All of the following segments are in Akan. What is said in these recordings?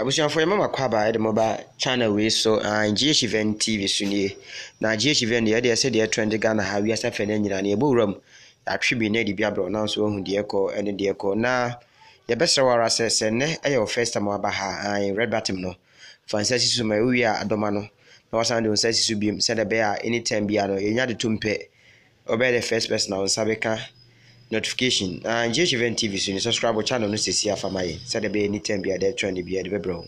abusuafoɔ yɛma makɔ abaa yɛde mɔba channel wei so uh, gh event tv so nie na gh event yɛdeɛ sɛdeɛ trend ghana ha wiasa fɛ no nyina ne yɛbɔ wura mu yɛatwe bi na adibi abrɛ nanso wahu deɛ kɔ ɛne deɛ kɔ na yɛbɛsrɛ wo ara sɛ sɛ nnɛ ɛyɛ wo first time waba ha uh, red bottom no fa nsa si so ma ɛwowie a adɔma no na wasan de wo nsa si so biom sɛdeɛ ɛbɛyɛ a anytime bia no yɛnya de to mpɛ wobɛyɛ the first person a wo nsa bɛka notification and uh, GH Event TV so you subscribe channel no sisi afama yi sɛdeɛ bɛyɛ ni tɛn biara dɛ twɛn biara de bɛbrɛ wo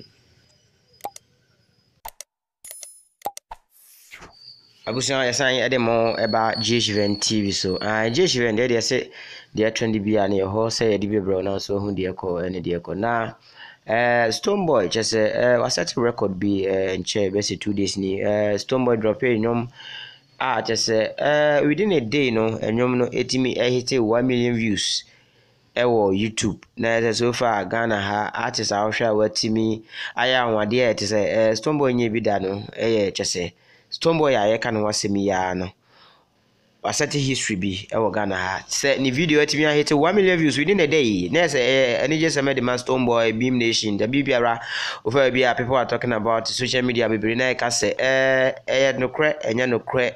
abusua yɛsan ɛde mo ɛba GH Event TV so uh, GH Event deɛ deɛ sɛ deɛ twɛn biara no yɛ say dey be bro wo so ohu dey call any dey call na Uh, eh, stone boy just uh, eh, uh, eh, wasɛte record be uh, in chair basically two days ni uh, stoneboy drɔpɛ nnwom a kyerɛ sɛ eh, within a day no nnwom no ɛtumi ɛhete one million views ɛwɔ youtube na ɛsɛ so far ghana ha artist a wohwɛ a watumi ayɛ ahoɔden a ɛte sɛ eh, stoneboy nyɛ bi da no ɛyɛ kye sɛ stoneboy a yɛka no ho yi ara no wasɛte history bi wɔ ghana ha sɛ ne video atumi ahete 1 million views within a day na ɛsɛ ɛyɛ ɛne gye sɛ mɛde ma stone boy beam nation da bi biara ofa bi a people are talking about social media bebree na ɛka sɛ ɛɛ ɛyɛ nokorɛ ɛnyɛ nokorɛ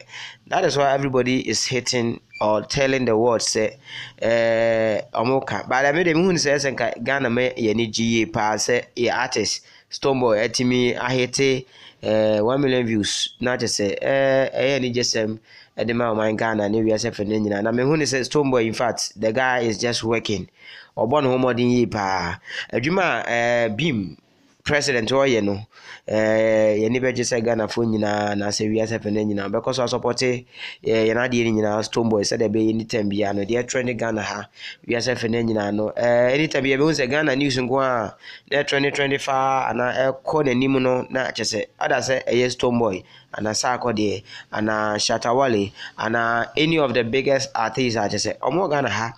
that is why everybody is hating or telling the world sɛ ɛɛ ɔmo ka but I de the moon sɛ ɛsɛ nka ghana mɛ yɛ ne gye yie paa sɛ yɛ artist stoneboy ɛtumi eh, ahete ɛɛ eh, one million views na kyerɛ sɛ eh, ɛɛ ɛyɛ anigye sɛm ɛde ma ɔman ghana ne wiase fɛ ne nyinaa na mehu ne sɛ stoneboy in fact the guy is just working ɔbɔ ne ho mmɔden yie paa adwuma ɛɛ beam president ɔyɛ no yɛne bɛgye sɛ ghanafoɔ nyinaa anaasɛ wiase pɛ no nyinaa bɛkɔ so asɔpɔte yɛn adeɛ no nyinaa Boy sɛdeɛ ɛbɛyɛ ne tam biara no deɛ ɛtrɛ ne ghana ha wiase pɛ no nyinaa no ɛne tam biara bɛhu sɛ ghana news nko a na ɛtrɛ ne trɛ ne faa anaa ɛkɔ n'anim no na kyɛ sɛ ada sɛ ɛyɛ stoneboy anaa saakɔ deɛ anaa shatawale Ana any of the biggest artists a kyɛ sɛ ɔmo ghana ha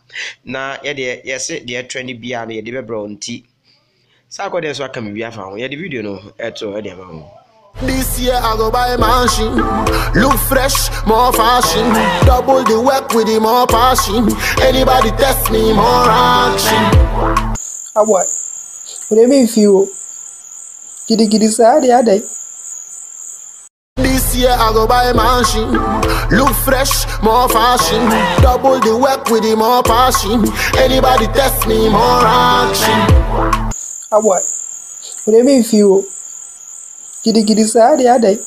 na yɛdeɛ yɛse deɛ ɛtrɛ ne biara no yɛde bɛbrɛ wɔn ti saa akɔdeɛ nso aka biribi afa ho yɛde video no ɛto ɛde ama ho This year I go buy machine Look fresh, more fashion Double the work with the more passion Anybody test me, more action Aboy, ah, wòle mi fi o, Giddy saa de adai. This year I go buy machine, look fresh, more fashion, double the work with the more passion, anybody test me, more action. do you mean if you kiri kiri sahari ya they.